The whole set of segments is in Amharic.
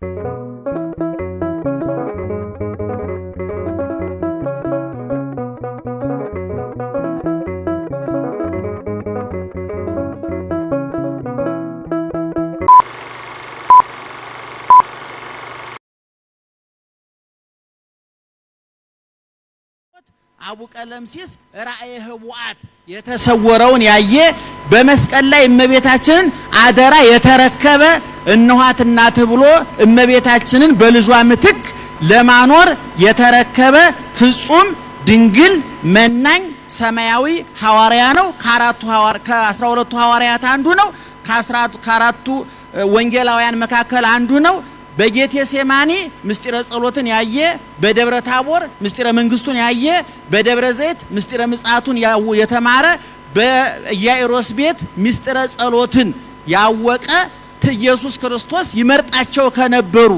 አቡ ቀለምሲስ ራእየ ህቡአት የተሰወረውን ያየ በመስቀል ላይ እመቤታችንን አደራ የተረከበ እነኋት እናትህ ብሎ እመቤታችንን በልጇ ምትክ ለማኖር የተረከበ ፍጹም ድንግል መናኝ ሰማያዊ ሐዋርያ ነው። ከአራቱ ከአስራ ሁለቱ ሐዋርያት አንዱ ነው። ከአራቱ ወንጌላውያን መካከል አንዱ ነው። በጌቴ ሴማኒ ምስጢረ ጸሎትን ያየ፣ በደብረ ታቦር ምስጢረ መንግስቱን ያየ፣ በደብረ ዘይት ምስጢረ ምጽአቱን የተማረ፣ በኢያኢሮስ ቤት ምስጢረ ጸሎትን ያወቀ ኢየሱስ ክርስቶስ ይመርጣቸው ከነበሩ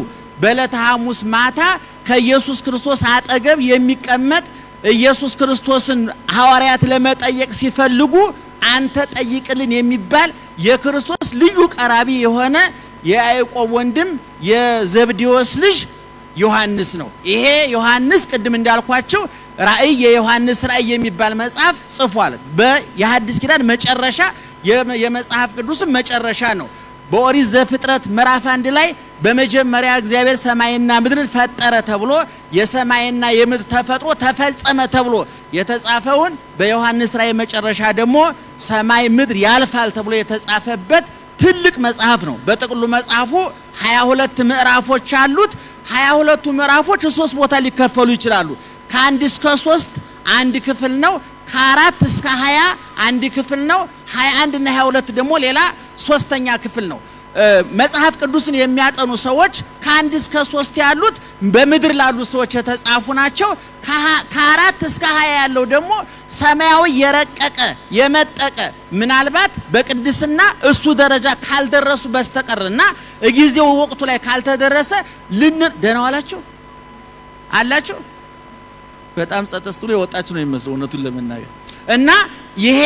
በዕለተ ሐሙስ ማታ ከኢየሱስ ክርስቶስ አጠገብ የሚቀመጥ ኢየሱስ ክርስቶስን ሐዋርያት ለመጠየቅ ሲፈልጉ አንተ ጠይቅልን የሚባል የክርስቶስ ልዩ ቀራቢ የሆነ የያዕቆብ ወንድም የዘብዴዎስ ልጅ ዮሐንስ ነው። ይሄ ዮሐንስ ቅድም እንዳልኳቸው ራእይ የዮሐንስ ራእይ የሚባል መጽሐፍ ጽፏል። በየሐዲስ ኪዳን መጨረሻ የመጽሐፍ ቅዱስም መጨረሻ ነው። በኦሪት ዘፍጥረት ምዕራፍ አንድ ላይ በመጀመሪያ እግዚአብሔር ሰማይና ምድርን ፈጠረ ተብሎ የሰማይና የምድር ተፈጥሮ ተፈጸመ ተብሎ የተጻፈውን በዮሐንስ ራእይ መጨረሻ ደግሞ ሰማይ ምድር ያልፋል ተብሎ የተጻፈበት ትልቅ መጽሐፍ ነው። በጥቅሉ መጽሐፉ 22 ምዕራፎች አሉት። 22ቱ ምዕራፎች ሶስት ቦታ ሊከፈሉ ይችላሉ። ከአንድ እስከ ሶስት አንድ ክፍል ነው። ከአራት እስከ 20 አንድ ክፍል ነው። 21 እና 22 ደግሞ ሌላ ሶስተኛ ክፍል ነው። መጽሐፍ ቅዱስን የሚያጠኑ ሰዎች ከአንድ እስከ ሶስት ያሉት በምድር ላሉ ሰዎች የተጻፉ ናቸው። ከአራት እስከ ሀያ ያለው ደግሞ ሰማያዊ የረቀቀ የመጠቀ ምናልባት በቅድስና እሱ ደረጃ ካልደረሱ በስተቀር እና ጊዜው ወቅቱ ላይ ካልተደረሰ ልን ደህና ዋላችሁ አላችሁ። በጣም ጸጥ የወጣችሁ ነው የሚመስለው እውነቱን ለመናገር እና ይሄ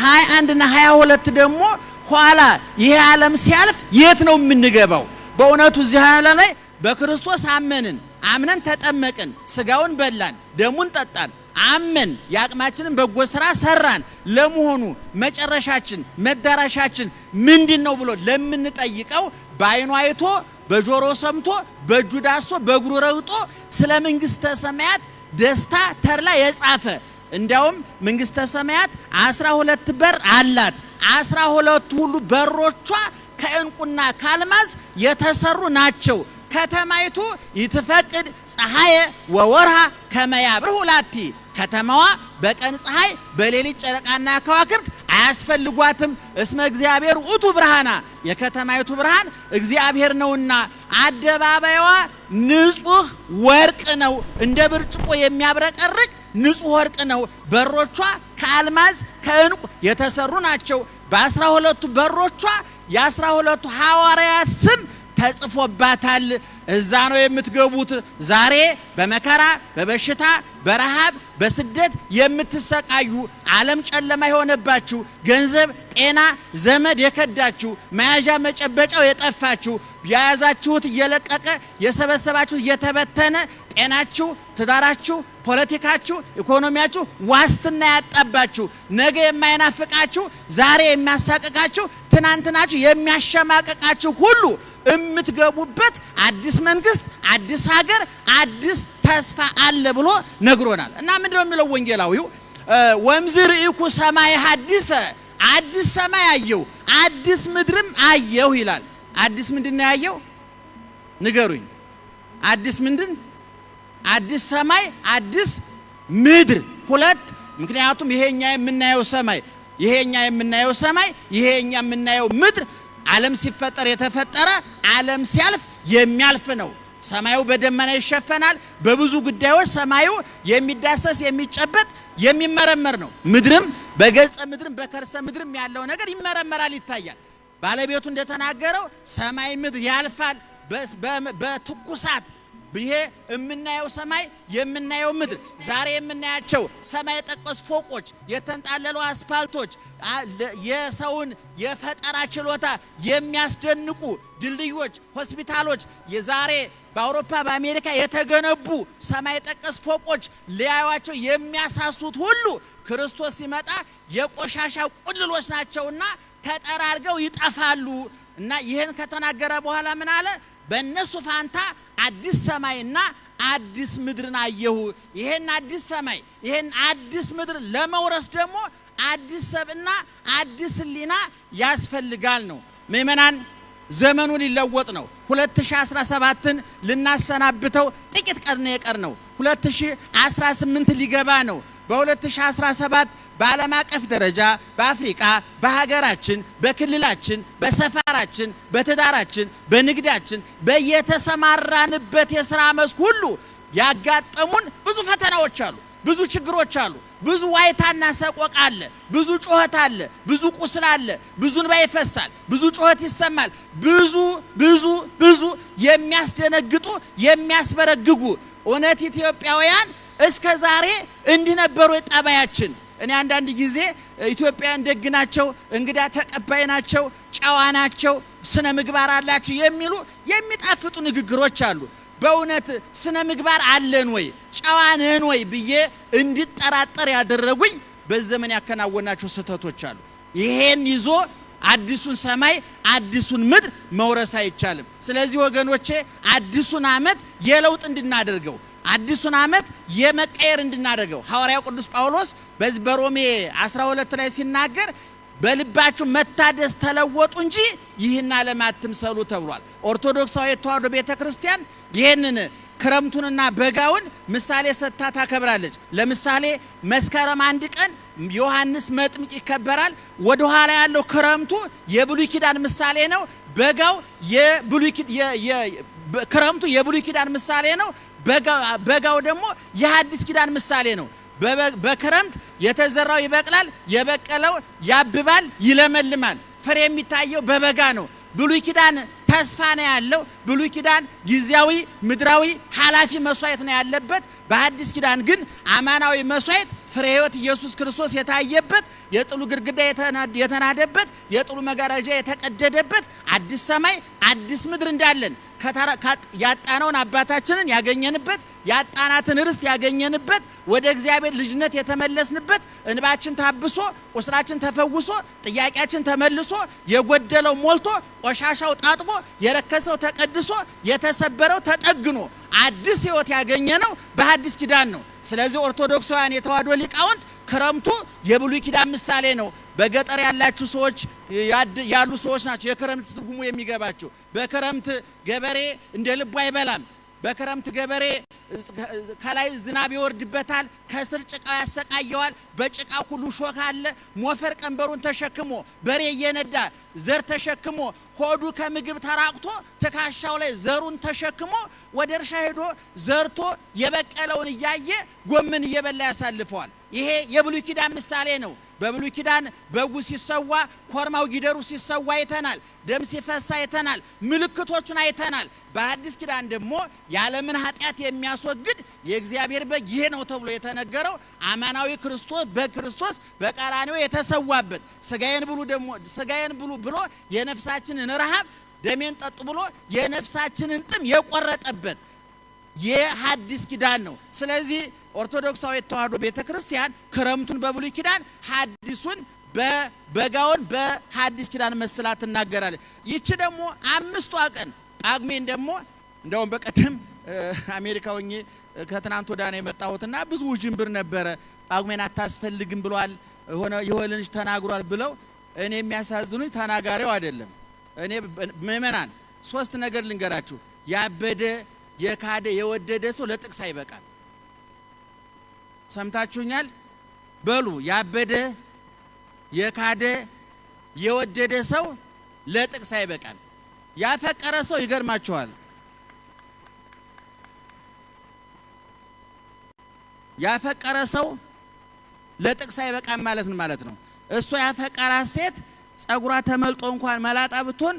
ሀያ አንድ እና ሀያ ሁለት ደግሞ ኋላ ይሄ ዓለም ሲያልፍ የት ነው የምንገባው? በእውነቱ እዚህ ዓለም ላይ በክርስቶስ አመንን፣ አምነን ተጠመቅን፣ ስጋውን በላን፣ ደሙን ጠጣን፣ አመን የአቅማችንን በጎ ስራ ሰራን። ለመሆኑ መጨረሻችን መዳረሻችን ምንድን ነው ብሎ ለምንጠይቀው በአይኑ አይቶ በጆሮ ሰምቶ በእጁ ዳሶ በእግሩ ረግጦ ስለ መንግስተ ሰማያት ደስታ ተርላ የጻፈ እንዲያውም መንግስተ ሰማያት አስራ ሁለት በር አላት። አስራ ሁለቱ ሁሉ በሮቿ ከእንቁና ከአልማዝ የተሰሩ ናቸው። ከተማይቱ ይትፈቅድ ፀሐየ ወወርሃ ከመያብር ሁላቲ ከተማዋ በቀን ፀሐይ በሌሊት ጨረቃና ከዋክብት አያስፈልጓትም። እስመ እግዚአብሔር ውእቱ ብርሃና የከተማይቱ ብርሃን እግዚአብሔር ነውና፣ አደባባይዋ ንጹህ ወርቅ ነው፣ እንደ ብርጭቆ የሚያብረቀርቅ ንጹህ ወርቅ ነው። በሮቿ ከአልማዝ ከእንቁ የተሰሩ ናቸው። በአስራ ሁለቱ በሮቿ የአስራ ሁለቱ ሐዋርያት ስም ተጽፎባታል። እዛ ነው የምትገቡት። ዛሬ በመከራ በበሽታ በረሃብ በስደት የምትሰቃዩ ዓለም ጨለማ የሆነባችሁ ገንዘብ፣ ጤና፣ ዘመድ የከዳችሁ መያዣ መጨበጫው የጠፋችሁ የያዛችሁት እየለቀቀ የሰበሰባችሁት እየተበተነ ጤናችሁ፣ ትዳራችሁ፣ ፖለቲካችሁ፣ ኢኮኖሚያችሁ ዋስትና ያጣባችሁ ነገ የማይናፍቃችሁ ዛሬ የሚያሳቅቃችሁ ትናንትናችሁ የሚያሸማቅቃችሁ ሁሉ የምትገቡበት አዲስ መንግስት፣ አዲስ ሀገር፣ አዲስ ተስፋ አለ ብሎ ነግሮናል። እና ምንድነው የሚለው ወንጌላዊው ርኢኩ ሰማይ ሀዲሰ አዲስ ሰማይ አየሁ አዲስ ምድርም አየሁ ይላል። አዲስ ምንድን ነው ያየው? ንገሩኝ። አዲስ ምንድን? አዲስ ሰማይ፣ አዲስ ምድር ሁለት። ምክንያቱም ይሄኛ የምናየው ሰማይ ይሄኛ የምናየው ሰማይ ይሄኛ የምናየው ምድር ዓለም ሲፈጠር የተፈጠረ ዓለም ሲያልፍ የሚያልፍ ነው። ሰማዩ በደመና ይሸፈናል። በብዙ ጉዳዮች ሰማዩ የሚዳሰስ የሚጨበጥ የሚመረመር ነው። ምድርም በገጸ ምድርም በከርሰ ምድርም ያለው ነገር ይመረመራል፣ ይታያል። ባለቤቱ እንደተናገረው ሰማይ ምድር ያልፋል በትኩሳት ይሄ የምናየው ሰማይ የምናየው ምድር ዛሬ የምናያቸው ሰማይ የጠቀሱ ፎቆች፣ የተንጣለሉ አስፓልቶች፣ የሰውን የፈጠራ ችሎታ የሚያስደንቁ ድልድዮች፣ ሆስፒታሎች የዛሬ በአውሮፓ በአሜሪካ የተገነቡ ሰማይ ጠቀስ ፎቆች ሊያዩዋቸው የሚያሳሱት ሁሉ ክርስቶስ ሲመጣ የቆሻሻ ቁልሎች ናቸውና ተጠራርገው ይጠፋሉ እና ይህን ከተናገረ በኋላ ምን አለ? በእነሱ ፋንታ አዲስ ሰማይና አዲስ ምድርን አየሁ። ይሄን አዲስ ሰማይ ይሄን አዲስ ምድር ለመውረስ ደግሞ አዲስ ሰብና አዲስ ሕሊና ያስፈልጋል ነው። ምእመናን ዘመኑ ሊለወጥ ነው። 2017ን ልናሰናብተው ጥቂት ቀን የቀር ነው። 2018 ሊገባ ነው። በ2017 በዓለም አቀፍ ደረጃ በአፍሪቃ፣ በሀገራችን፣ በክልላችን፣ በሰፈራችን፣ በትዳራችን፣ በንግዳችን፣ በየተሰማራንበት የስራ መስክ ሁሉ ያጋጠሙን ብዙ ፈተናዎች አሉ፣ ብዙ ችግሮች አሉ፣ ብዙ ዋይታና ሰቆቃ አለ፣ ብዙ ጩኸት አለ፣ ብዙ ቁስል አለ፣ ብዙ እንባ ይፈሳል፣ ብዙ ጩኸት ይሰማል። ብዙ ብዙ ብዙ የሚያስደነግጡ የሚያስበረግጉ እውነት ኢትዮጵያውያን እስከ ዛሬ እንዲህ ነበሩ ጠባያችን። እኔ አንዳንድ ጊዜ ኢትዮጵያውያን ደግ ናቸው፣ እንግዳ ተቀባይ ናቸው፣ ጨዋ ናቸው፣ ስነ ምግባር አላቸው የሚሉ የሚጣፍጡ ንግግሮች አሉ። በእውነት ስነ ምግባር አለን ወይ ጨዋ ነን ወይ ብዬ እንድጠራጠር ያደረጉኝ በዘመን ዘመን ያከናወናቸው ስህተቶች አሉ። ይሄን ይዞ አዲሱን ሰማይ አዲሱን ምድር መውረስ አይቻልም። ስለዚህ ወገኖቼ አዲሱን ዓመት የለውጥ እንድናደርገው አዲሱን ዓመት የመቀየር እንድናደርገው ሐዋርያው ቅዱስ ጳውሎስ በዚህ በሮሜ 12 ላይ ሲናገር በልባችሁ መታደስ ተለወጡ እንጂ ይህን ዓለም አትምሰሉ ተብሏል። ኦርቶዶክሳዊ ተዋሕዶ ቤተ ክርስቲያን ይህንን ክረምቱንና በጋውን ምሳሌ ሰጥታ ታከብራለች። ለምሳሌ መስከረም አንድ ቀን ዮሐንስ መጥምቅ ይከበራል። ወደ ኋላ ያለው ክረምቱ የብሉይ ኪዳን ምሳሌ ነው። በጋው ክረምቱ የብሉይ ኪዳን ምሳሌ ነው። በጋው ደግሞ የሐዲስ ኪዳን ምሳሌ ነው። በክረምት የተዘራው ይበቅላል፣ የበቀለው ያብባል፣ ይለመልማል። ፍሬ የሚታየው በበጋ ነው። ብሉይ ኪዳን ተስፋ ነው ያለው። ብሉይ ኪዳን ጊዜያዊ ምድራዊ ኃላፊ መስዋዕት ነው ያለበት። በአዲስ ኪዳን ግን አማናዊ መስዋዕት ፍሬ ሕይወት ኢየሱስ ክርስቶስ የታየበት የጥሉ ግድግዳ የተናደበት የጥሉ መጋረጃ የተቀደደበት አዲስ ሰማይ አዲስ ምድር እንዳለን ያጣነውን አባታችንን ያገኘንበት ያጣናትን ርስት ያገኘንበት ወደ እግዚአብሔር ልጅነት የተመለስንበት እንባችን ታብሶ ቁስላችን ተፈውሶ ጥያቄያችን ተመልሶ የጎደለው ሞልቶ ቆሻሻው ጣጥቦ የረከሰው ተቀድሶ የተሰበረው ተጠግኖ አዲስ ሕይወት ያገኘነው በሐዲስ ኪዳን ነው። ስለዚህ ኦርቶዶክሳውያን የተዋሕዶ ሊቃውንት ክረምቱ የብሉይ ኪዳን ምሳሌ ነው። በገጠር ያላችሁ ሰዎች ያሉ ሰዎች ናቸው የክረምት ትርጉሙ የሚገባቸው። በክረምት ገበሬ እንደ ልቡ አይበላም። በክረምት ገበሬ ከላይ ዝናብ ይወርድበታል፣ ከስር ጭቃው ያሰቃየዋል። በጭቃ ሁሉ ሾክ አለ። ሞፈር ቀንበሩን ተሸክሞ በሬ እየነዳ ዘር ተሸክሞ ሆዱ ከምግብ ተራቅቶ ትከሻው ላይ ዘሩን ተሸክሞ ወደ እርሻ ሄዶ ዘርቶ የበቀለውን እያየ ጎመን እየበላ ያሳልፈዋል። ይሄ የብሉይ ኪዳን ምሳሌ ነው። በብሉይ ኪዳን በጉ ሲሰዋ፣ ኮርማው ጊደሩ ሲሰዋ አይተናል። ደም ሲፈሳ አይተናል። ምልክቶቹን አይተናል። በአዲስ ኪዳን ደግሞ የዓለምን ኃጢአት የሚያስወግድ የእግዚአብሔር በግ ይሄ ነው ተብሎ የተነገረው አማናዊ ክርስቶስ በክርስቶስ በቀራንዮ የተሰዋበት ስጋዬን ብሉ ደግሞ ስጋዬን ብሉ ብሎ የነፍሳችንን ረሃብ ደሜን ጠጡ ብሎ የነፍሳችንን ጥም የቆረጠበት የሐዲስ ኪዳን ነው። ስለዚህ ኦርቶዶክሳዊ ተዋህዶ ቤተ ክርስቲያን ክረምቱን በብሉይ ኪዳን ሐዲሱን በበጋውን በሐዲስ ኪዳን መስላ ትናገራለች። ይቺ ደግሞ አምስቷ ቀን ጳጉሜን ደግሞ እንደውም በቀደም አሜሪካ ሆኜ ከትናንት ወዲያ ነው የመጣሁትና ብዙ ውዥንብር ነበረ። ጳጉሜን አታስፈልግም ብሏል ሆነ የሆልንሽ ተናግሯል ብለው እኔ የሚያሳዝኑኝ ተናጋሪው አይደለም። እኔ ምእመናን ሶስት ነገር ልንገራችሁ። ያበደ የካደ የወደደ ሰው ለጥቅስ አይበቃም። ሰምታችሁኛል? በሉ ያበደ የካደ የወደደ ሰው ለጥቅስ አይበቃም። ያፈቀረ ሰው ይገርማችኋል፣ ያፈቀረ ሰው ለጥቅስ አይበቃም ማለት ነው ማለት ነው? እሷ ያፈቀራት ሴት ጸጉሯ ተመልጦ እንኳን መላጣ ብትሆን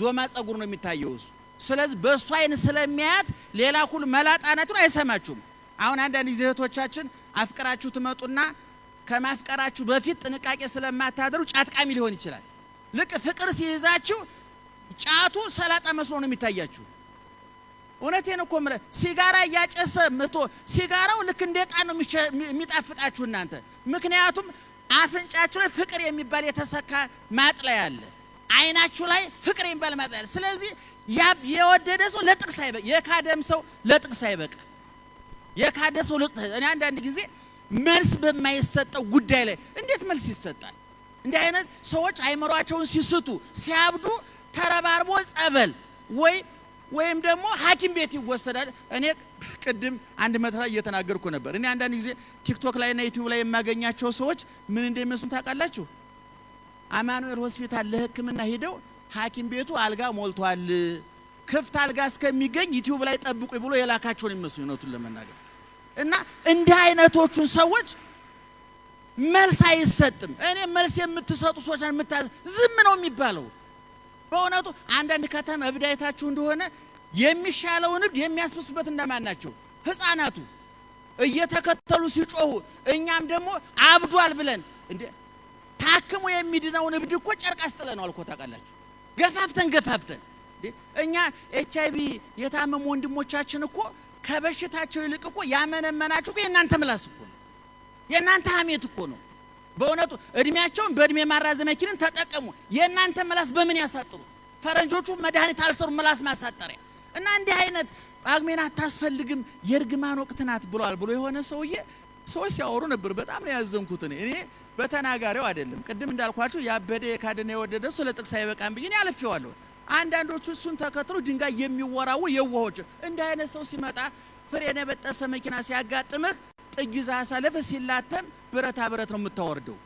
ዞማ ጸጉር ነው የሚታየው እሱ። ስለዚህ በእሱ አይን ስለሚያያት ሌላ ሁሉ መላጣ አይሰማችሁም። አሁን አንዳንድ ጊዜ እህቶቻችን አፍቅራችሁ ትመጡና ከማፍቀራችሁ በፊት ጥንቃቄ ስለማታደሩ ጫት ቃሚ ሊሆን ይችላል። ልክ ፍቅር ሲይዛችሁ ጫቱ ሰላጣ መስሎ ነው የሚታያችሁ። እውነቴን እኮ የምልህ ሲጋራ እያጨሰ መቶ ሲጋራው ልክ እንደ ዕጣን ነው የሚጣፍጣችሁ እናንተ። ምክንያቱም አፍንጫችሁ ላይ ፍቅር የሚባል የተሰካ ማጥለያ አለ። አይናችሁ ላይ ፍቅር የሚባል ማጥለያ አለ። ስለዚህ የወደደ ሰው ለጥቅስ አይበቃ፣ የካደም ሰው ለጥቅስ አይበቃ። የካደ ሰው ልቅት እኔ አንዳንድ ጊዜ መልስ በማይሰጠው ጉዳይ ላይ እንዴት መልስ ይሰጣል? እንዲህ አይነት ሰዎች አይምሯቸውን ሲስቱ ሲያብዱ ተረባርቦ ጸበል ወይም ወይም ደግሞ ሐኪም ቤት ይወሰዳል። እኔ ቅድም አንድ መድረክ ላይ እየተናገርኩ ነበር። እኔ አንዳንድ ጊዜ ቲክቶክ ላይና ዩቲዩብ ላይ የማገኛቸው ሰዎች ምን እንደሚመስሉ ታውቃላችሁ? አማኑኤል ሆስፒታል ለሕክምና ሄደው ሐኪም ቤቱ አልጋ ሞልቷል፣ ክፍት አልጋ እስከሚገኝ ዩቲዩብ ላይ ጠብቁ ብሎ የላካቸውን ይመስሉ እውነቱን ለመናገር እና እንዲህ አይነቶቹን ሰዎች መልስ አይሰጥም። እኔ መልስ የምትሰጡ ሰዎች የምታዝ ዝም ነው የሚባለው። በእውነቱ አንዳንድ ከተማ እብዳይታችሁ እንደሆነ የሚሻለውን እብድ የሚያስብሱበት እንደማን ናቸው? ህፃናቱ እየተከተሉ ሲጮሁ፣ እኛም ደግሞ አብዷል ብለን እንደ ታክሞ የሚድነውን እብድ እኮ ጨርቅ አስጥለነዋል እኮ ታውቃላችሁ። ገፋፍተን ገፋፍተን እኛ ኤች አይ ቪ የታመሙ ወንድሞቻችን እኮ ከበሽታቸው ይልቅ እኮ ያመነመናችሁ እኮ የእናንተ ምላስ እኮ ነው፣ የእናንተ ሀሜት እኮ ነው። በእውነቱ እድሜያቸውን በእድሜ ማራዘሚያ ኪኒን ተጠቀሙ። የእናንተ ምላስ በምን ያሳጥሩ? ፈረንጆቹ መድኃኒት አልሰሩ ምላስ ማሳጠሪያ እና እንዲህ አይነት አግሜን አታስፈልግም የእርግማን ወቅት ናት ብሏል ብሎ የሆነ ሰውዬ ሰዎች ሲያወሩ ነበር። በጣም ነው ያዘንኩት እኔ በተናጋሪው አይደለም። ቅድም እንዳልኳችሁ ያበደ የካደና የወደደ እሱ ለጥቅስ አይበቃም ብዬ እኔ አልፌዋለሁ። አንዳንዶቹ እሱን ተከትሎ ድንጋይ የሚወራው የዋሆች። እንደ አይነት ሰው ሲመጣ ፍሬን የበጠሰ መኪና ሲያጋጥምህ ጥጅ ሳሰልፍ ሲላተም ብረታ ብረት ነው የምታወርደው።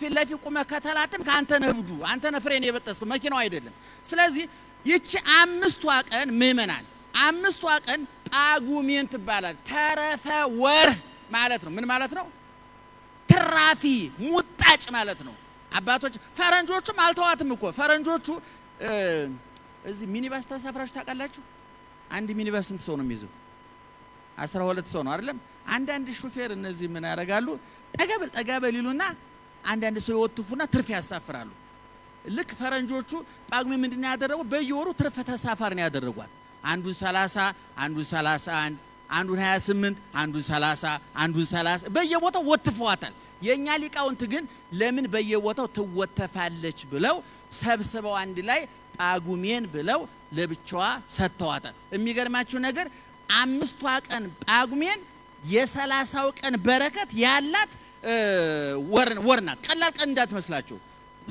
ፊት ለፊት ቁመህ ከተላተም ከአንተ ነህ እብዱ፣ አንተ ነህ ፍሬን የበጠስከው መኪናው አይደለም። ስለዚህ ይቺ አምስቷ ቀን ምእመናን፣ አምስቷ ቀን ጳጉሜን ትባላል። ተረፈ ወርህ ማለት ነው። ምን ማለት ነው? ትራፊ ሙጣጭ ማለት ነው። አባቶች ፈረንጆቹም አልተዋትም እኮ ፈረንጆቹ እዚህ ሚኒባስ ተሳፍራችሁ ታውቃላችሁ? አንድ ሚኒባስ ስንት ሰው ነው የሚይዘው? አስራ ሁለት ሰው ነው አይደለም? አንዳንድ ሹፌር እነዚህ ምን ያደርጋሉ? ጠጋበል ጠጋበል ይሉና አንዳንድ ሰው ይወትፉና ትርፍ ያሳፍራሉ። ልክ ፈረንጆቹ ጳጉሜ ምንድን ነው ያደረጉ? በየወሩ ትርፍ ተሳፋሪ ነው ያደረጓት። አንዱን 30 አንዱን 31 አንዱን 28 አንዱን 30 አንዱን 30 በየቦታው ወትፈዋታል። የእኛ ሊቃውንት ግን ለምን በየቦታው ትወተፋለች ብለው ሰብስበው አንድ ላይ ጳጉሜን ብለው ለብቻዋ ሰጥተዋታል። የሚገርማችሁ ነገር አምስቷ ቀን ጳጉሜን የሰላሳው ቀን በረከት ያላት ወር ናት። ቀላል ቀን እንዳትመስላችሁ።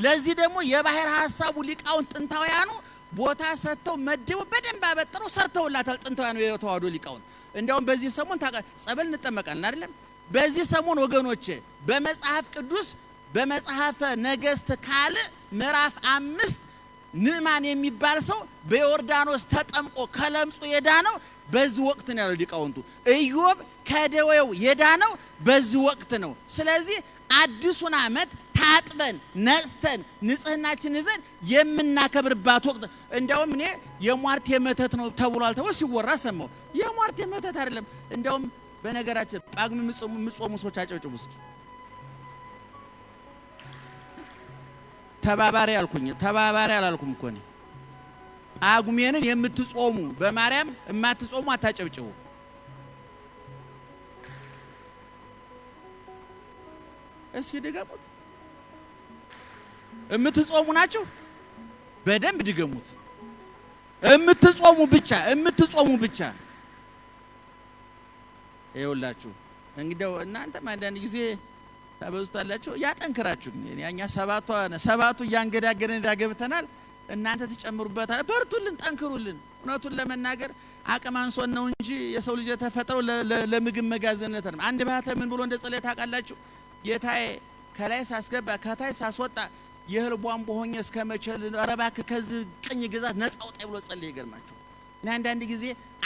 ለዚህ ደግሞ የባህር ሀሳቡ ሊቃውንት ጥንታውያኑ ቦታ ሰጥተው መድበው በደንብ አበጥረው ሰርተውላታል። ጥንታውያኑ የተዋህዶ ሊቃውንት እንዲያውም በዚህ ሰሞን ጸበል እንጠመቃለን አይደለም? በዚህ ሰሞን ወገኖች በመጽሐፍ ቅዱስ በመጽሐፈ ነገስት ካልዕ ምዕራፍ አምስት ንዕማን የሚባል ሰው በዮርዳኖስ ተጠምቆ ከለምጹ የዳነው በዚህ ወቅት ነው ያለው ሊቃውንቱ። ኢዮብ ከደዌው የዳነው በዚህ ወቅት ነው። ስለዚህ አዲሱን ዓመት ታጥበን ነጽተን ንጽህናችን ይዘን የምናከብርባት ወቅት። እንዲያውም እኔ የሟርቴ መተት ነው ተብሏል ተብሎ ሲወራ ሰማሁ። የሟርቴ መተት አይደለም። እንዲያውም በነገራችን ጳጉሜ የምጾሙ ሰዎች አጨብጭቡ እስኪ ተባባሪ አልኩኝ። ተባባሪ አላልኩም እኮ እኔ። ጳጉሜንን የምትጾሙ በማርያም የማትጾሙ አታጨብጭቡ። እስኪ ድገሙት። የምትጾሙ ናችሁ? በደንብ ድገሙት። የምትጾሙ ብቻ የምትጾሙ ብቻ ይኸውላችሁ እንግዲያው እናንተም አንዳንድ ጊዜ ታበዙታላችሁ። ያጠንክራችሁ። እኛ ሰባቷ ሰባቱ እያንገዳገደን ዳገብተናል። እናንተ ትጨምሩበታል። በርቱልን፣ ጠንክሩልን። እውነቱን ለመናገር አቅም አንሶን ነው እንጂ የሰው ልጅ የተፈጠረው ለምግብ መጋዘንነት ነው። አንድ ባህተ ምን ብሎ እንደ ጸለየ ታውቃላችሁ? ጌታዬ ከላይ ሳስገባ ከታይ ሳስወጣ የእህል ቧንቧ ሆኜ እስከ መቼ ኧረ እባክህ ከዚህ ቅኝ ግዛት ነጻ አውጣኝ ብሎ ጸለየ። ይገርማችሁ። እና አንዳንድ ጊዜ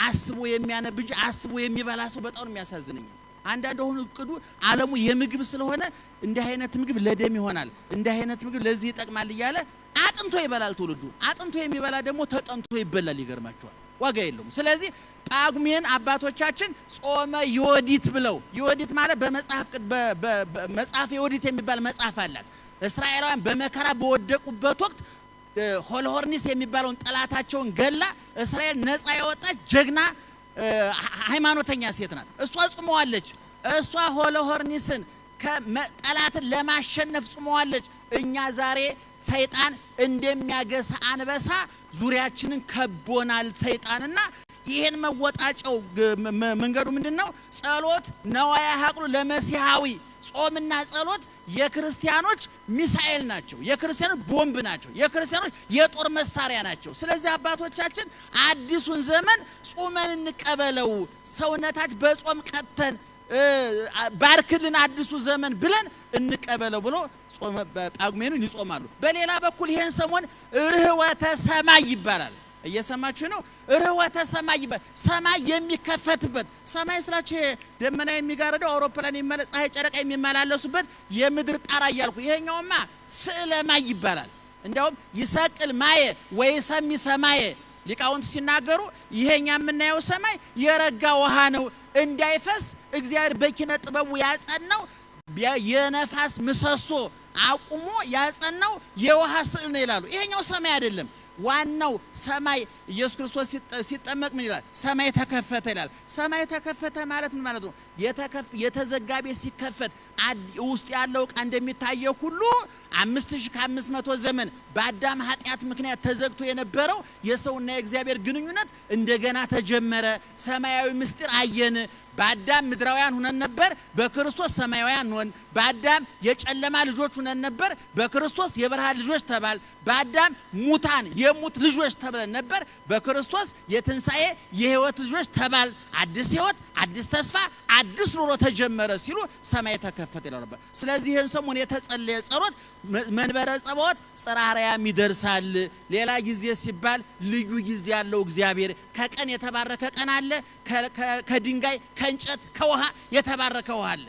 አስቦ የሚያነብ እንጂ አስቦ የሚበላ ሰው በጣም የሚያሳዝነኝ አንዳንድ ሆኑ እቅዱ ዓለሙ የምግብ ስለሆነ እንዲህ አይነት ምግብ ለደም ይሆናል፣ እንዲህ አይነት ምግብ ለዚህ ይጠቅማል እያለ አጥንቶ ይበላል። ትውልዱ አጥንቶ የሚበላ ደግሞ ተጠንቶ ይበላል። ይገርማቸዋል፣ ዋጋ የለውም። ስለዚህ ጳጉሜን አባቶቻችን ጾመ ዮዲት ብለው ዮዲት ማለት በመጽሐፍ መጽሐፍ ዮዲት የሚባል መጽሐፍ አላት። እስራኤላውያን በመከራ በወደቁበት ወቅት ሆልሆርኒስ የሚባለውን ጠላታቸውን ገላ እስራኤል ነፃ ያወጣች ጀግና ሃይማኖተኛ ሴት ናት። እሷ ጾመዋለች። እሷ ሆሎሆርኒስን ጠላትን ለማሸነፍ ጾመዋለች። እኛ ዛሬ ሰይጣን እንደሚያገሳ አንበሳ ዙሪያችንን ከቦናል ሰይጣንና ይህን መወጣጫው መንገዱ ምንድን ነው? ጸሎት ነዋያ ሀቅሉ ለመሲሐዊ ጾምና ጸሎት የክርስቲያኖች ሚሳኤል ናቸው። የክርስቲያኖች ቦምብ ናቸው። የክርስቲያኖች የጦር መሳሪያ ናቸው። ስለዚህ አባቶቻችን አዲሱን ዘመን ጾመን እንቀበለው፣ ሰውነታች በጾም ቀተን ባርክልን አዲሱ ዘመን ብለን እንቀበለው ብሎ ጳጉሜኑን ይጾማሉ። በሌላ በኩል ይህን ሰሞን ርህወተ ሰማይ ይባላል። እየሰማችሁ ነው። ርህወተ ሰማይ ይባላል። ሰማይ የሚከፈትበት ሰማይ ስላችሁ ይሄ ደመና የሚጋረደው አውሮፕላን የሚመለ ፀሐይ፣ ጨረቃ የሚመላለሱበት የምድር ጣራ እያልኩ ይሄኛውማ ስዕለ ማይ ይባላል። እንዲያውም ይሰቅል ማየ ወይሰሚ ሰማየ ሊቃውንት ሲናገሩ ይሄኛ የምናየው ሰማይ የረጋ ውሃ ነው እንዳይፈስ እግዚአብሔር በኪነ ጥበቡ ያጸናው የነፋስ ምሰሶ አቁሞ ያጸናው የውሃ ስዕል ነው ይላሉ። ይሄኛው ሰማይ አይደለም። ዋናው ሰማይ ኢየሱስ ክርስቶስ ሲጠመቅ ምን ይላል? ሰማይ ተከፈተ ይላል። ሰማይ ተከፈተ ማለት ምን ማለት ነው? የተዘጋ ቤት ሲከፈት ውስጥ ያለው ዕቃ እንደሚታየው ሁሉ አምስት ሺህ ከአምስት መቶ ዘመን በአዳም ኃጢአት ምክንያት ተዘግቶ የነበረው የሰውና የእግዚአብሔር ግንኙነት እንደገና ተጀመረ። ሰማያዊ ምስጢር አየን። በአዳም ምድራውያን ሁነን ነበር፣ በክርስቶስ ሰማያውያን ሆን። በአዳም የጨለማ ልጆች ሁነን ነበር፣ በክርስቶስ የብርሃን ልጆች ተባል። በአዳም ሙታን የሙት ልጆች ተብለን ነበር፣ በክርስቶስ የትንሣኤ የህይወት ልጆች ተባል። አዲስ ህይወት፣ አዲስ ተስፋ፣ አዲስ ኑሮ ተጀመረ ሲሉ ሰማይ ተከፈተ ይላል ነበር። ስለዚህ ይህን ሰሞን የተጸለየ ጸሎት መንበረ ጸባዖት ጽራርያም ይደርሳል። ሌላ ጊዜ ሲባል ልዩ ጊዜ ያለው እግዚአብሔር ከቀን የተባረከ ቀን አለ። ከድንጋይ ከእንጨት ከውሃ የተባረከ ውሃ አለ።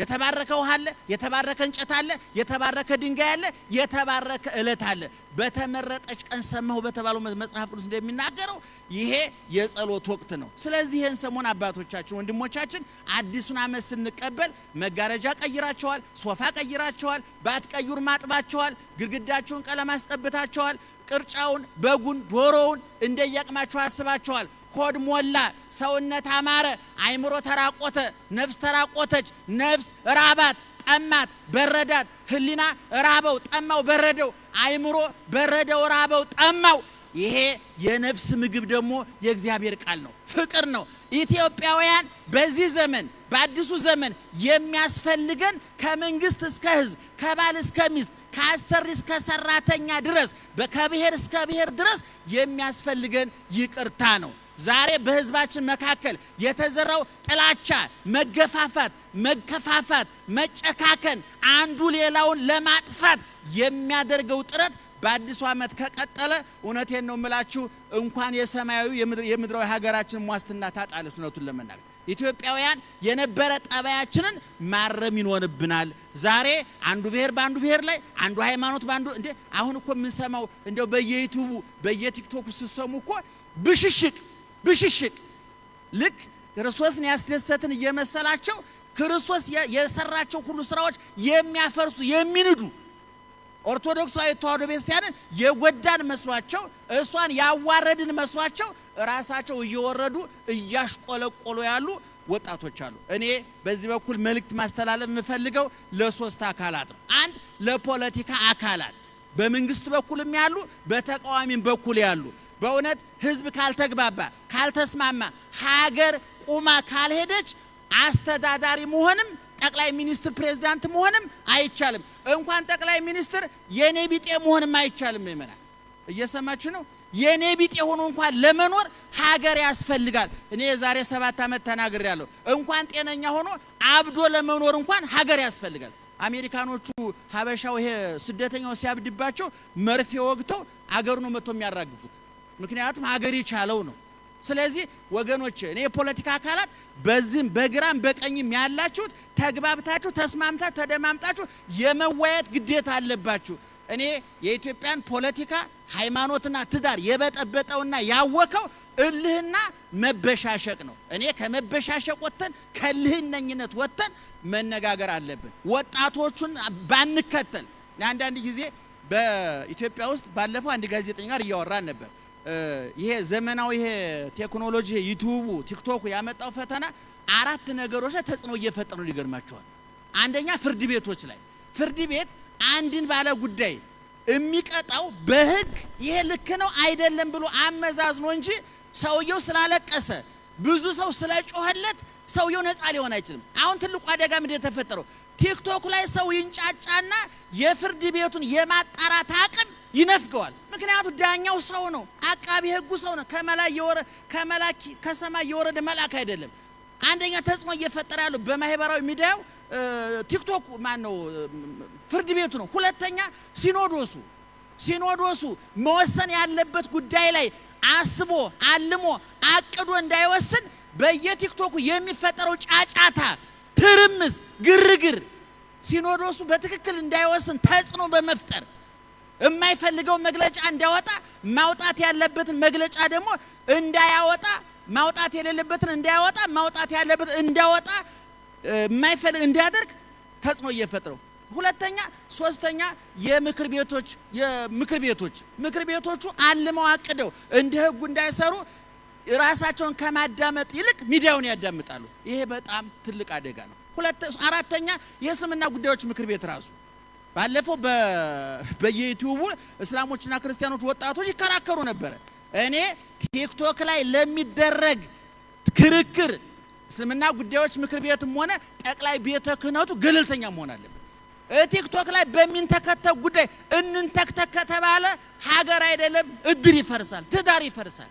የተባረከ ውሃ አለ፣ የተባረከ እንጨት አለ፣ የተባረከ ድንጋይ አለ፣ የተባረከ እለት አለ። በተመረጠች ቀን ሰማሁ በተባለው መጽሐፍ ቅዱስ እንደሚናገረው ይሄ የጸሎት ወቅት ነው። ስለዚህ ይህን ሰሞን አባቶቻችን፣ ወንድሞቻችን አዲሱን ዓመት ስንቀበል መጋረጃ ቀይራቸዋል፣ ሶፋ ቀይራቸዋል፣ ባትቀዩር ማጥባቸዋል፣ ግድግዳቸውን ቀለም አስቀብታቸዋል፣ ቅርጫውን፣ በጉን፣ ዶሮውን እንደየአቅማቸው አስባቸዋል። ሆድ ሞላ፣ ሰውነት አማረ፣ አይምሮ ተራቆተ፣ ነፍስ ተራቆተች፣ ነፍስ ራባት፣ ጠማት፣ በረዳት። ህሊና ራበው፣ ጠማው፣ በረደው። አይምሮ በረደው፣ ራበው፣ ጠማው። ይሄ የነፍስ ምግብ ደግሞ የእግዚአብሔር ቃል ነው፣ ፍቅር ነው። ኢትዮጵያውያን በዚህ ዘመን በአዲሱ ዘመን የሚያስፈልገን ከመንግስት እስከ ህዝብ፣ ከባል እስከ ሚስት፣ ከአሰሪ እስከ ሰራተኛ ድረስ፣ ከብሔር እስከ ብሔር ድረስ የሚያስፈልገን ይቅርታ ነው። ዛሬ በህዝባችን መካከል የተዘራው ጥላቻ፣ መገፋፋት፣ መከፋፋት፣ መጨካከን አንዱ ሌላውን ለማጥፋት የሚያደርገው ጥረት በአዲሱ ዓመት ከቀጠለ እውነቴን ነው የምላችሁ እንኳን የሰማያዊ የምድራዊ ሀገራችን ዋስትና ታጣለች። እውነቱን ለመናገር ኢትዮጵያውያን የነበረ ጠባያችንን ማረም ይኖርብናል። ዛሬ አንዱ ብሔር በአንዱ ብሔር ላይ አንዱ ሃይማኖት በአንዱ እንዴ አሁን እኮ የምንሰማው እንደው በየዩቱቡ በየቲክቶኩ ስሰሙ እኮ ብሽሽቅ ብሽሽቅ ልክ ክርስቶስን ያስደሰትን እየመሰላቸው ክርስቶስ የሰራቸው ሁሉ ስራዎች የሚያፈርሱ የሚንዱ ኦርቶዶክሳዊ ተዋሕዶ ቤተክርስቲያንን የጎዳን መስሏቸው እሷን ያዋረድን መስሏቸው ራሳቸው እየወረዱ እያሽቆለቆሉ ያሉ ወጣቶች አሉ። እኔ በዚህ በኩል መልእክት ማስተላለፍ የምፈልገው ለሶስት አካላት ነው። አንድ ለፖለቲካ አካላት በመንግስት በኩልም ያሉ በተቃዋሚም በኩል ያሉ በእውነት ህዝብ ካልተግባባ፣ ካልተስማማ፣ ሀገር ቁማ ካልሄደች አስተዳዳሪ መሆንም ጠቅላይ ሚኒስትር ፕሬዚዳንት መሆንም አይቻልም። እንኳን ጠቅላይ ሚኒስትር የኔ ቢጤ መሆንም አይቻልም። ይመናል እየሰማችሁ ነው። የኔ ቢጤ ሆኖ እንኳን ለመኖር ሀገር ያስፈልጋል። እኔ የዛሬ ሰባት ዓመት ተናግሬ ያለሁ እንኳን ጤነኛ ሆኖ አብዶ ለመኖር እንኳን ሀገር ያስፈልጋል። አሜሪካኖቹ ሀበሻው ይሄ ስደተኛው ሲያብድባቸው መርፌ ወግተው አገሩ ነው መጥቶ የሚያራግፉት። ምክንያቱም ሀገር የቻለው ነው። ስለዚህ ወገኖች እኔ የፖለቲካ አካላት በዚህም በግራም በቀኝም ያላችሁት ተግባብታችሁ ተስማምታችሁ ተደማምጣችሁ የመወያየት ግዴታ አለባችሁ። እኔ የኢትዮጵያን ፖለቲካ ሃይማኖትና ትዳር የበጠበጠውና ያወከው እልህና መበሻሸቅ ነው። እኔ ከመበሻሸቅ ወጥተን ከልህነኝነት ወጥተን መነጋገር አለብን። ወጣቶቹን ባንከተል አንዳንድ ጊዜ በኢትዮጵያ ውስጥ ባለፈው አንድ ጋዜጠኛ ጋር እያወራን ነበር ይሄ ዘመናዊ ይሄ ቴክኖሎጂ ዩቲዩቡ ቲክቶኩ ያመጣው ፈተና አራት ነገሮች ላይ ተጽዕኖ እየፈጠሩ ይገርማቸዋል። አንደኛ ፍርድ ቤቶች ላይ ፍርድ ቤት አንድን ባለ ጉዳይ የሚቀጣው በህግ ይሄ ልክ ነው አይደለም ብሎ አመዛዝኖ እንጂ ሰውየው ስላለቀሰ ብዙ ሰው ስለጮኸለት ሰውየው ነፃ ሊሆን አይችልም። አሁን ትልቁ አደጋ ምንድን የተፈጠረው ቲክቶክ ላይ ሰው ይንጫጫና የፍርድ ቤቱን የማጣራት አቅም ይነፍገዋል። ምክንያቱ ዳኛው ሰው ነው፣ አቃቢ ህጉ ሰው ነው። ከሰማይ የወረደ መልአክ አይደለም። አንደኛ ተጽዕኖ እየፈጠረ ያለው በማህበራዊ ሚዲያው ቲክቶክ ማን ነው? ፍርድ ቤቱ ነው። ሁለተኛ ሲኖዶሱ ሲኖዶሱ መወሰን ያለበት ጉዳይ ላይ አስቦ አልሞ አቅዶ እንዳይወስን በየቲክቶኩ የሚፈጠረው ጫጫታ፣ ትርምስ፣ ግርግር ሲኖዶሱ በትክክል እንዳይወስን ተጽዕኖ በመፍጠር የማይፈልገውን መግለጫ እንዳወጣ ማውጣት ያለበትን መግለጫ ደግሞ እንዳያወጣ ማውጣት የሌለበትን እንዳያወጣ ማውጣት ያለበትን እንዳወጣ የማይፈልግ እንዲያደርግ ተጽዕኖ እየፈጥረው ሁለተኛ ሶስተኛ የምክር ቤቶች የምክር ቤቶች ምክር ቤቶቹ አልመው አቅደው እንደ ህጉ እንዳይሰሩ ራሳቸውን ከማዳመጥ ይልቅ ሚዲያውን ያዳምጣሉ። ይሄ በጣም ትልቅ አደጋ ነው። ሁለት አራተኛ የእስልምና ጉዳዮች ምክር ቤት ራሱ ባለፈው በዩቲዩቡ እስላሞችና ክርስቲያኖች ወጣቶች ይከራከሩ ነበረ። እኔ ቲክቶክ ላይ ለሚደረግ ክርክር እስልምና ጉዳዮች ምክር ቤትም ሆነ ጠቅላይ ቤተ ክህነቱ ገለልተኛ መሆን አለበት። ቲክቶክ ላይ በሚንተከተው ጉዳይ እንንተክተክ ከተባለ ሀገር አይደለም እድር ይፈርሳል፣ ትዳር ይፈርሳል።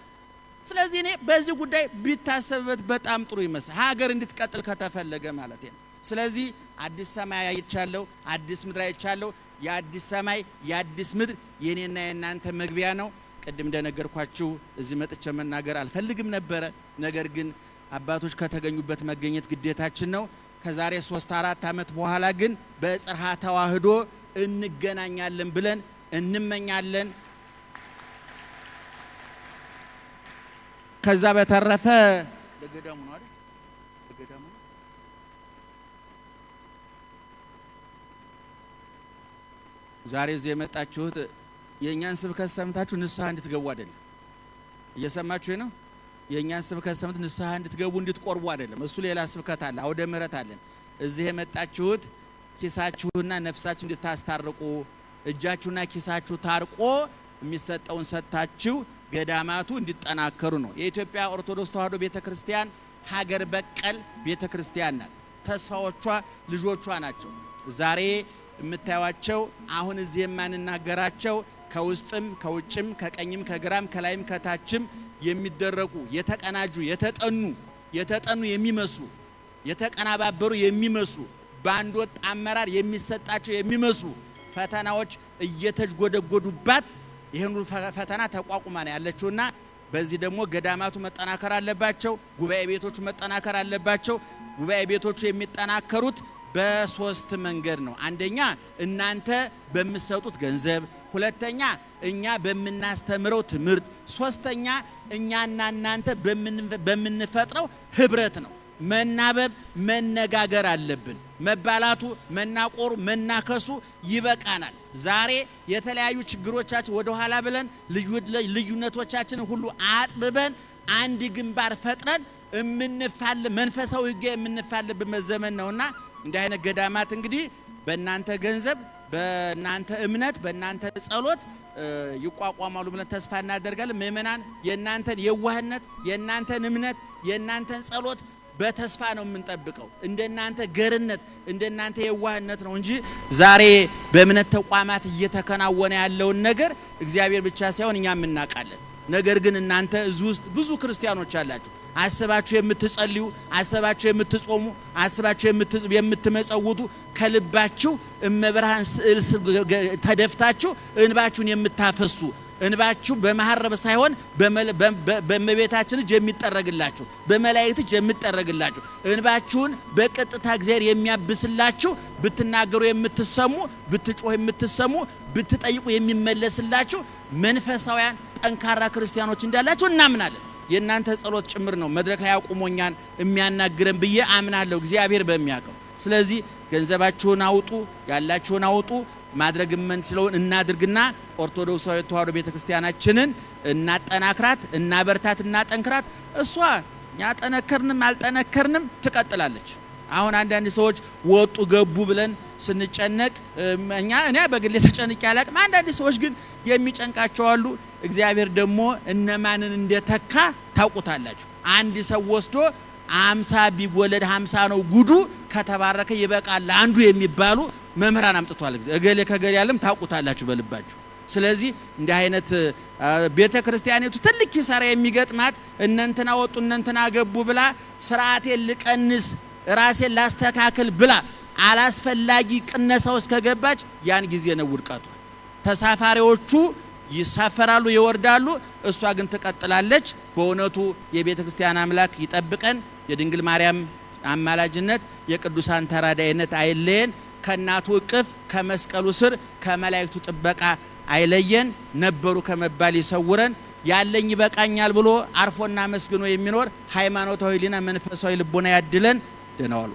ስለዚህ እኔ በዚህ ጉዳይ ቢታሰብበት በጣም ጥሩ ይመስል ሀገር እንድትቀጥል ከተፈለገ ማለት ነው። ስለዚህ አዲስ ሰማይ አይቻለሁ፣ አዲስ ምድር አይቻለሁ። የአዲስ ሰማይ የአዲስ ምድር የኔና የእናንተ መግቢያ ነው። ቅድም እንደነገርኳችሁ እዚህ መጥቼ መናገር አልፈልግም ነበረ። ነገር ግን አባቶች ከተገኙበት መገኘት ግዴታችን ነው። ከዛሬ ሶስት አራት ዓመት በኋላ ግን በጽርሃ ተዋህዶ እንገናኛለን ብለን እንመኛለን። ከዛ በተረፈ ለገዳሙ ነው አይደል ዛሬ እዚህ የመጣችሁት የእኛን ስብከት ሰምታችሁ ንስሐ እንድትገቡ አይደለም። እየሰማችሁ ነው። የእኛን ስብከት ሰምት ንስሐ እንድትገቡ እንድትቆርቡ አይደለም። እሱ ሌላ ስብከት አለ፣ አውደ ምሕረት አለን። እዚህ የመጣችሁት ኪሳችሁና ነፍሳችሁ እንድታስታርቁ፣ እጃችሁና ኪሳችሁ ታርቆ የሚሰጠውን ሰጥታችሁ ገዳማቱ እንዲጠናከሩ ነው። የኢትዮጵያ ኦርቶዶክስ ተዋሕዶ ቤተ ክርስቲያን ሀገር በቀል ቤተ ክርስቲያን ናት። ተስፋዎቿ ልጆቿ ናቸው። ዛሬ የምታዩቸው አሁን እዚህ የማንናገራቸው ከውስጥም ከውጭም ከቀኝም ከግራም ከላይም ከታችም የሚደረጉ የተቀናጁ የተጠኑ የተጠኑ የሚመስሉ የተቀናባበሩ የሚመስሉ በአንድ ወጥ አመራር የሚሰጣቸው የሚመስሉ ፈተናዎች እየተጎደጎዱባት ይህን ፈተና ተቋቁማ ነው ያለችውና በዚህ ደግሞ ገዳማቱ መጠናከር አለባቸው። ጉባኤ ቤቶቹ መጠናከር አለባቸው። ጉባኤ ቤቶቹ የሚጠናከሩት በሶስት መንገድ ነው። አንደኛ እናንተ በምትሰጡት ገንዘብ፣ ሁለተኛ እኛ በምናስተምረው ትምህርት፣ ሶስተኛ እኛና እናንተ በምንፈጥረው ህብረት ነው። መናበብ መነጋገር አለብን። መባላቱ፣ መናቆሩ፣ መናከሱ ይበቃናል። ዛሬ የተለያዩ ችግሮቻችን ወደ ኋላ ብለን ልዩነቶቻችንን ሁሉ አጥብበን አንድ ግንባር ፈጥረን የምንፋል መንፈሳዊ ውጊያ የምንፋልበት ዘመን ነውና እንዲህ አይነት ገዳማት እንግዲህ በእናንተ ገንዘብ፣ በእናንተ እምነት፣ በእናንተ ጸሎት ይቋቋማሉ ብለን ተስፋ እናደርጋለን። ምእመናን የእናንተን የዋህነት፣ የእናንተን እምነት፣ የእናንተን ጸሎት በተስፋ ነው የምንጠብቀው። እንደናንተ ገርነት እንደናንተ የዋህነት ነው እንጂ ዛሬ በእምነት ተቋማት እየተከናወነ ያለውን ነገር እግዚአብሔር ብቻ ሳይሆን እኛም እናውቃለን። ነገር ግን እናንተ እዚህ ውስጥ ብዙ ክርስቲያኖች አላችሁ። አስባችሁ የምትጸልዩ፣ አስባችሁ የምትጾሙ፣ አስባችሁ የምትመጸውቱ፣ ከልባችሁ እመብርሃን ስዕል ተደፍታችሁ እንባችሁን የምታፈሱ እንባችሁ በመሐረብ ሳይሆን በእመቤታችን እጅ የሚጠረግላችሁ በመላእክት እጅ የሚጠረግላችሁ እንባችሁን በቀጥታ እግዚአብሔር የሚያብስላችሁ ብትናገሩ የምትሰሙ ብትጮህ የምትሰሙ ብትጠይቁ የሚመለስላችሁ መንፈሳውያን ጠንካራ ክርስቲያኖች እንዳላችሁ እናምናለን። የእናንተ ጸሎት ጭምር ነው መድረክ ላይ አቁሞኛን የሚያናግረን ብዬ አምናለሁ፣ እግዚአብሔር በሚያውቀው። ስለዚህ ገንዘባችሁን አውጡ፣ ያላችሁን አውጡ፣ ማድረግ የምንችለውን እናድርግና ኦርቶዶክሳዊ ተዋሕዶ ቤተክርስቲያናችንን እናጠናክራት፣ እናበርታት፣ እናጠንክራት። እሷ እኛ ጠነከርንም አልጠነከርንም ትቀጥላለች። አሁን አንዳንድ ሰዎች ወጡ ገቡ ብለን ስንጨነቅ እኛ እኔ በግሌ ተጨንቄ አላቅም። አንዳንድ ሰዎች ግን የሚጨንቃቸው አሉ። እግዚአብሔር ደግሞ እነማንን እንደተካ ታውቁታላችሁ። አንድ ሰው ወስዶ አምሳ ቢወለድ ሀምሳ ነው ጉዱ ከተባረከ ይበቃል አንዱ የሚባሉ መምህራን አምጥቷል። እገሌ ከገሌ ያለም ታውቁታላችሁ በልባችሁ። ስለዚህ እንዲህ አይነት ቤተ ክርስቲያኒቱ ትልቅ ኪሳራ የሚገጥማት እነንትና ወጡ እነንትና ገቡ ብላ ስርዓቴን ልቀንስ ራሴን ላስተካክል ብላ አላስፈላጊ ቅነሳ ውስጥ ከገባች ያን ጊዜ ነው ውድቀቷ። ተሳፋሪዎቹ ይሳፈራሉ፣ ይወርዳሉ። እሷ ግን ትቀጥላለች። በእውነቱ የቤተ ክርስቲያን አምላክ ይጠብቀን። የድንግል ማርያም አማላጅነት የቅዱሳን ተራዳይነት አይለየን። ከእናቱ እቅፍ ከመስቀሉ ስር ከመላእክቱ ጥበቃ አይለየን። ነበሩ ከመባል ይሰውረን። ያለኝ ይበቃኛል ብሎ አርፎና መስግኖ የሚኖር ሃይማኖታዊ ሕሊና፣ መንፈሳዊ ልቦና ያድለን። ደህና ዋሉ።